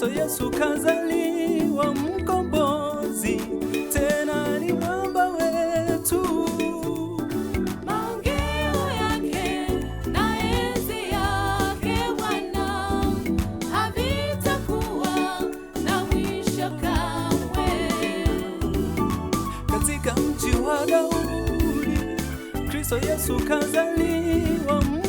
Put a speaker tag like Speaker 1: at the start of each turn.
Speaker 1: Yesu, Yesu kazaliwa mkombozi, tena ni mwamba wetu.
Speaker 2: Maongeo yake na enzi yake Bwana havitakuwa na mwisho kamwe.
Speaker 1: Katika mji wa Daudi Kristo Yesu kazaliwa